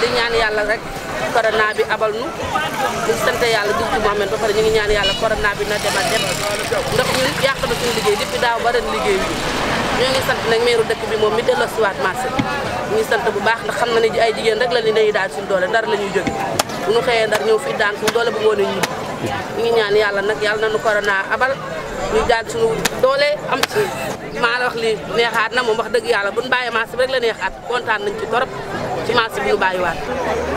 di ñaan yàlla rek corona bi abal nu ñu sant yàlla jub ci Mouhamed ba pare ñu ngi ñaan yàlla corona bi na dem a dem ndax ñu yàq na suñu liggéey depuis daaw ba ren liggéey bi ñoo ngi sant nag meeru dëkk bi moom mi delloosiwaat marché ñu ngi sant bu baax ndax xam na ne ay jigéen rek la ni dañuy daal suñu doole ndar la ñuy jóge bu ñu xëyee ndar ñëw fii daan suñu doole bu ngoonee ñu ñu ngi ñaan yàlla nag yàlla nañu corona abal ñu daal suñu doole am ci maa la wax li neexaat na moom wax dëgg yàlla bu ñu bàyyee marché bi rek la neexaat kontaan nañ ci torop ci marché bi ñu bàyyiwaat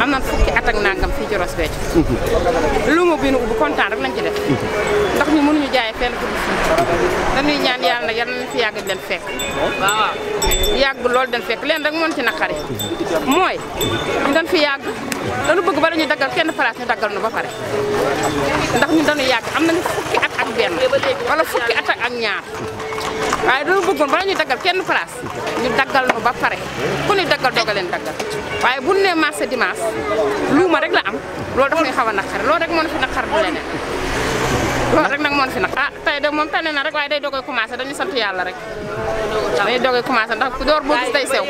am na fukki at ak nangam fii ci Ross Béthio lu mu bi nu ubbi kontaan rek lañ ci def ndax ñu mënuñu jaayee fenn ko dañuy ñaan yàlla nag yal nañ fi yàgg den fekk waaw yàgg lool den fekk leen rek moon ci naqari mooy ñu dañ fi yàgg dañu bëgg ba la ñuy daggal kenn place ñu daggal nu ba pare ndax ñu dañu yàgg am nañu fukki at ak benn wala fukki at ak ñaar waaye dañoo bëggoon bala ñuy daggal kenn place ñu daggal nu ba pare ku ñu daggal doog leen daggal waaye bu ñu nee marché dimanche luuma rek la am loolu daf ñuy xaw a naqar loolu rek moo fi naqar du leneen loolu rek nag moo fi naqar. ah tey de moom tane na rek waaye day doogay commencé dañuy sant yàlla rek day doogay commencé ndax door boo gis day sew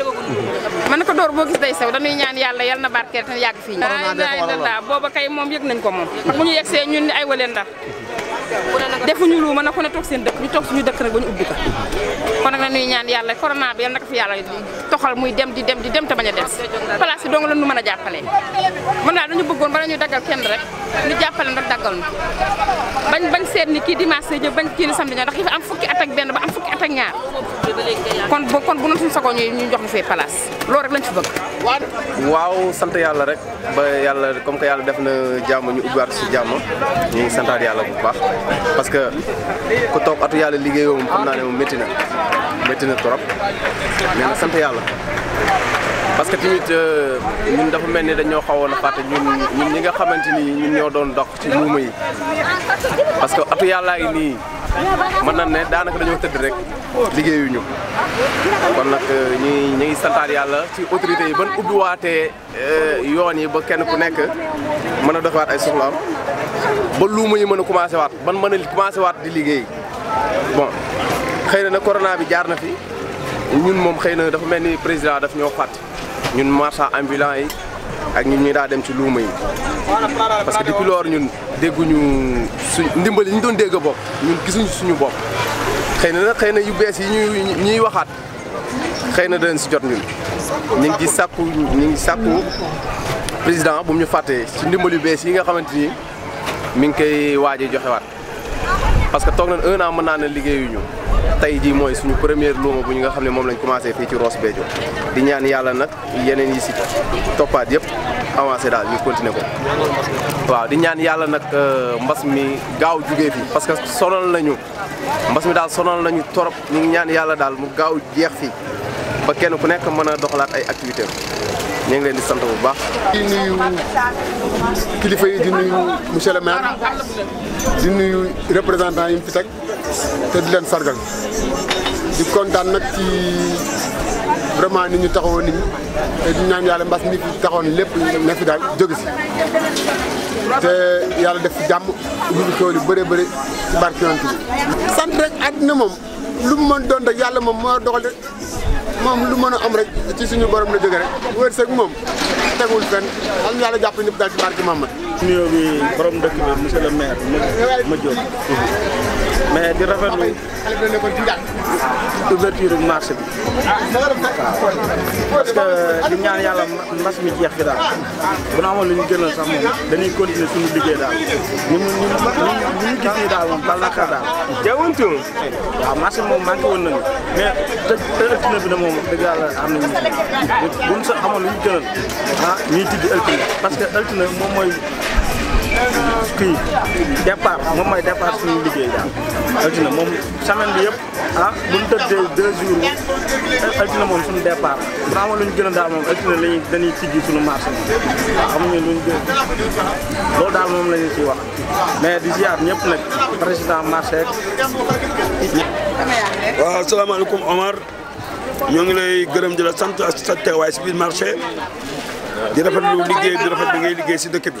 man na ko door boo gis day sew dañuy ñaan yàlla yal na barkeel te yàgg fii ñu. waaw booba kay moom yëg nañ ko moom. bu ñu yegsee ñun ay defu ñu mën a ko ne toog seen dëkk ñu toog ñu dëkk nag ba ñu ubbi ko ne nag nañuy ñaan yàlla corona bi yal na fi yàlla toxal muy dem di dem di dem te bañ a des place yi dong la ñu mën a jàppale mën daal dañu bëggoon bala ñuy daggal kenn rek ñu jàppale ndax daggal ñu bañ bañ seet ni kii dimanche ñëw bañ kii ni samedi ñëw ndax yi fi am fukki at ak benn ba am fukki at ak ñaar kon kon bu ñu suñu sago ñu ñu jox ñu fee place loolu rek lañ fi bëgg. waaw sant yàlla rek ba yàlla comme que yàlla def na jàmm ñu ubbiwaat si jàmm ñu ngi santaat yàlla bu baax parce que ku toog atu yàlla liggéeyoo moom xam naa ne métti na métti na trop mais nag parce que tamit euh, ñun dafa mel ni dañoo xawoon a fàtte ñun ñun ñi nga xamante ni ñun doon dox ci muuma yi parce que atu yàllaa ngi mën na ne daanaka dañoo tëdd rek. liggéeyuñu kon nag ñuy euh, ñu ngi santaat yàlla ci autorités yi ban ubbiwaatee euh, yoon yi ba kenn ku nekk mën a doxewaat ay soxlaam ba luuma yi mën a commencé waat ban mën a commencé waat di liggéey bon xëy na nag corona bi jaar na fi ñun moom xëy na dafa mel ni président daf ñoo fàtt ñun marchand ambulant yi ak ñu ñuy daa dem ci luuma yi parce que depuis lors ñun dégguñu suñ ndimbal yi ñu doon dégg bopp ñun gisuñu suñu bopp xëy na nag xëy na yu bees yi ñuy ñuy waxaat xëy na danañ si jot ñun ñu ngi ci sàkku ñu ngi sàkku président bu ñu fàttee si ndimbal yu bees yi nga xamante ni mi ngi koy waaj a joxewaat parce que toog nañ un an mën naa ne ñu tey jii mooy suñu première luuma bu ñu nga xam ne moom lañ commencé fii ci Ross Béthio di ñaan yàlla nag yeneen yi si toppaat yëpp avancé daal ñu continuer ko waaw di ñaan yàlla nag euh, mbas mi gaaw jugee fii parce que sonal nañu mbas mi daal sonal nañu torop ñu ngi ñaan yàlla daal mu gaaw jeex fii ba kenn ku nekk mën a doxalaat ay activités ñu ngi leen di sant bu baax. di nuyu kilifa yi di nuyu monsieur le maire di nuyu représentant yi mu fi teg te di leen sargal. di kontaan nag ci vraiment ni ñu taxawoon nit ñi te di ñaan yàlla mbas mi fi taxoon lépp na fi daal jóge si te yàlla def fi jàmm ubbi fi tool yu bëree bëri ci barke Yonent bi sant rek àddina moom lu mu mën doon rek yàlla moom moo dogal rek moom lu mën a am rek ci suñu borom la jóge rek wërsëg moom tegul fenn am yàlla jàpp ñëpp daal ci barke Mamadou. nuyoo bi borom dëkk bi monsieur le maire ma ma jóg mais di rafetlu ouverture bi marché bi parce que di ñaan yàlla mbas mi jeex fi daal bu ñu amoon lu ñu gënal sax moom dañuy continuer suñu liggéey daal ñu ñu ñu ñu gisee daal moom bal naka daal jawantu waaw marché bi moom manqué woon nañu mais te te bi na moom dëgg yàlla am nañu bu ñu sax amoon lu ñu gënal ah ñuy tijji parce que altine moom mooy kii départ moom mooy départ suñu liggéey daal altine moom semaine bi yëpp ah bu ñu tëddee deux jours altine moom suñu départ bu amoon lu ñu gën a daal moom altine lañuy dañuy tijji suñu marché bi waaw amuñu lu ñu gën loolu daal moom la ñu wax mais di ziar ñëpp nag président marché ah, waaw salaamaaleykum Omar ñoo ngi lay gërëm di la sant ak sa teewaay si biir marché di rafetlu liggéey di rafet bi ngay liggéey si dëkk bi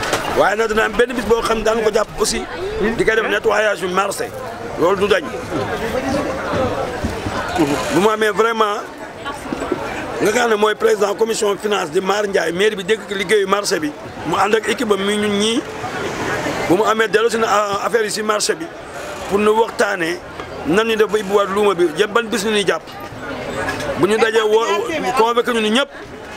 waaye nag dina am benn bis boo xam ne daan ko jàpp aussi di koy def nettoyage bi marché loolu du dañ bu mu amee vraiment nga xam ne président commission finance di Mar Ndiaye maire bi dégg liggéeyu marché bi mu ànd ak équipe am mi ñun ñii bu mu amee dellu si na euh, affaire yi si marché bi pour nu waxtaanee nan ñu def ba ibbiwaat luuma bi ban bis ñu ñuy bu ñu dajee woo convoqué ñëpp.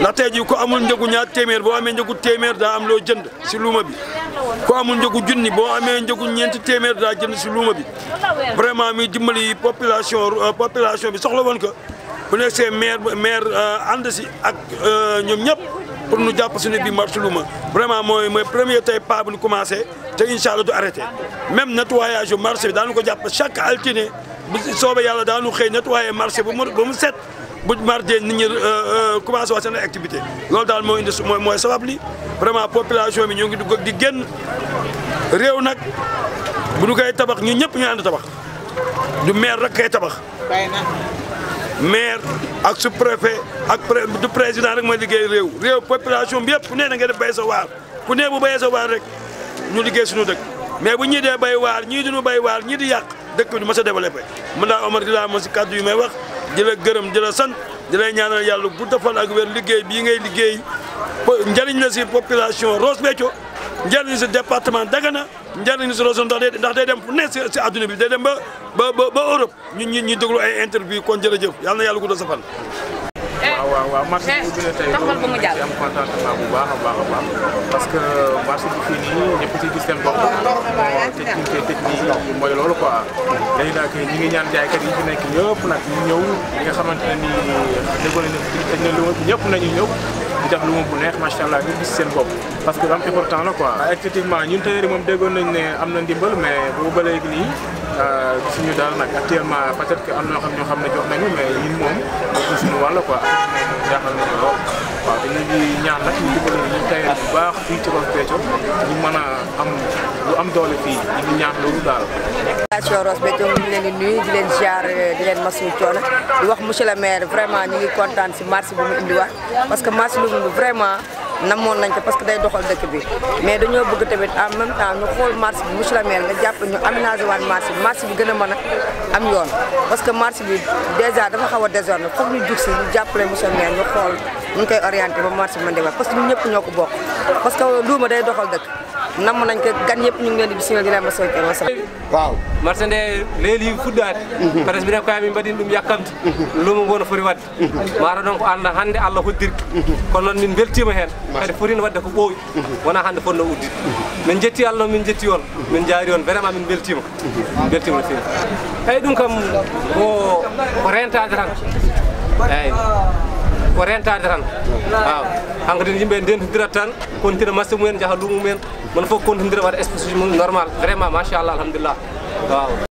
ndax tey jii ku amul njëgu ñaar téeméer boo amee njëgu téeméer daa am loo jënd si luuma bi ku amul njëgu junni boo amee njëgu ñeenti téeméer daa jënd si luuma bi vraiment muy dimbali population euh, population bi soxla woon ko bu nekk see maire maire euh, ànd si ak euh, ñoom ñëpp pour nu jàpp suñu bi marché luuma vraiment mooy mooy premier tey pas bu ñu commencé te incha allah du arrêté même nettoyage yu marché bi daanu ko jàpp chaque altine bu soobee yàlla daanu xëy nettoyé marché bu mu ba mu set buñ marjé nit ñi euh, euh, commencé wax sen activité lool dal mo indi mooy mooy sabab li vraiment population bi ñu ngi dugg di genn rew nak bu dugay tabax ñu ñep ñu and tabax du maire rek kay tabax maire ak su préfet ak du président rek mooy liggéey rew rew population bi yépp ku ne na nga def bay sa war ku ne bu bay sa war rek ñu liggéey suñu dëkk mais bu ñi dé bay ñi di ñu bay war ñi di yaq dëkk bi du mës développer man Omar di laa ma si yu may wax di gërëm di la sant di lay ñaanal yàlla bu defal ak wér liggéey bii ngay liggéey njëriñ la si population Ross Béthio njëriñ si département Dagana njëriñ si région ndax ndax day dem fu ne si adduna bi day dem ba ba ba Europe ñun ñi ñuy déglu ay interview kon jërëjëf yàlla na yàlla guddal sa fan Eh, waaw waaw waaw marché bi bu eh, bu baax a parce que marché bi fii nii ñëpp ci gis seen bopp technique technique mooy loolu quoi léegi nag ñi ngi ñaan jaaykat yi fi nekk yëpp nag ñu ñëw li nga xamante ne nii déggoo dañ ne lu ñëpp nañu ñëw di def lu mu bu neex macha allah ñu seen bopp parce que am important la quoi effectivement ñun tailleurs yi moom déggoon nañ ne am na ndimbal mais boobu ba léegi nii Euh, suñu daal nag actuellement peut-être que am na xam ñoo xam ne jox nañu mais ñun moom ci suñu wàll quoi jaaxal nañu lool waaw dañu ñaan nag ñu ñu tayal bu baax fii ci Ross Béthio ñu lu am doole fii ñu ngi ñaan loolu daal population Ross Béthio leen di di leen ziar di leen masu coono di wax monsieur le maire vraiment ñu ngi kontaan si marché bu mu indiwaat parce que marché lu mu vraiment moon nañ ko parce que day doxal dëkk bi mais dañoo bëgg tamit am même temps ñu xool marché bi monsieur le maire nga jàpp ñu aménagé waat marché bi marché bi gën a mën a am yoon parce que marché bi dèjà dafa xaw a désordre foog ñu jug si ñu jàppale monsieur le maire ñu xool ñu koy orienté ba marché man débat parce que ñepp ñoko bok parce que luuma day doxal dëkk nam nañ ko gan ñëpp ñu ngi leen di bisimil di leen ma soy ma soy waaw marché ne leeli fuddaati mhm. presse bi ne mhm. mhm. ko ami mbadi dum yakamti mu ngono fori wadde mara donc and hande Allah hoddirki kon non min beltima hen kadi forino wadde ko boy. wona hande fonno uddi min jetti Allah min jetti on min jaari on vraiment min beltima beltima fi ay dum kam ko rentade tan ay ko rentade tan waw hanko den yimɓe dentodirat tan kontina masse mumen jaaha lumumen mono foof kontodira waɗa expéci mum normal vraiment machallah alhamdulillah waw